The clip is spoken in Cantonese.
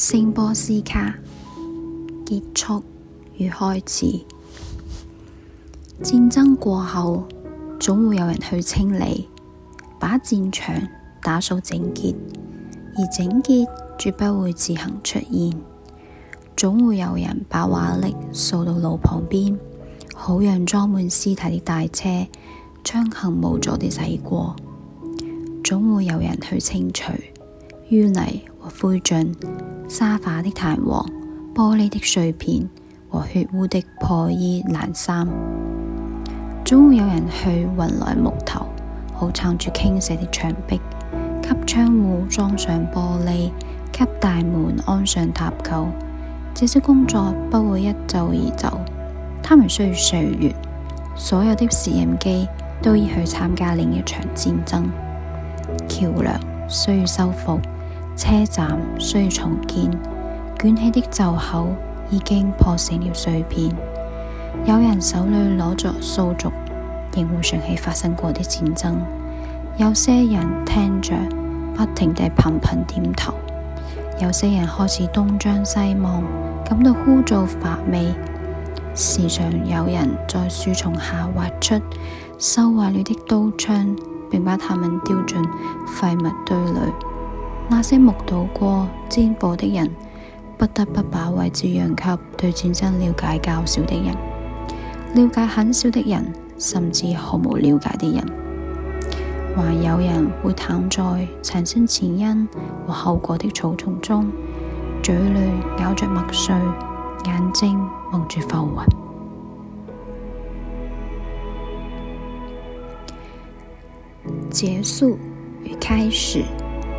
辛波斯卡，結束與開始，戰爭過後，總會有人去清理，把戰場打掃整潔，而整潔絕不會自行出現，總會有人把瓦礫掃到路旁邊，好讓裝滿屍體的大車暢行無阻地駛過，總會有人去清除，淤泥和灰燼，沙發的彈簧，玻璃的碎片和血污的破衣爛衫，總會有人去運來木頭，好撐住傾斜的牆壁，給窗戶裝上玻璃，給大門安上搭釦。這些工作不會一蹴而就，他們需要歲月。所有的攝影機都要去參加另一場戰爭，橋樑需要修復。車站需要重建，捲起的袖口已經破成了碎片。有人手裏攞着掃帚，仍會想起發生過的戰爭；有些人聽着，不停地頻頻點頭；有些人開始東張西望，感到枯燥乏味。時常有人在樹叢下挖出收壞了的刀槍，並把他們丟進廢物堆裏。那些目睹過戰禍的人，不得不把位置讓給對戰爭了解較少的人，了解很少的人，甚至毫無了解的人。還有人會躺在產生前因和後果的草叢中，嘴裏咬着麥穗，眼睛望住浮雲。結束與開始。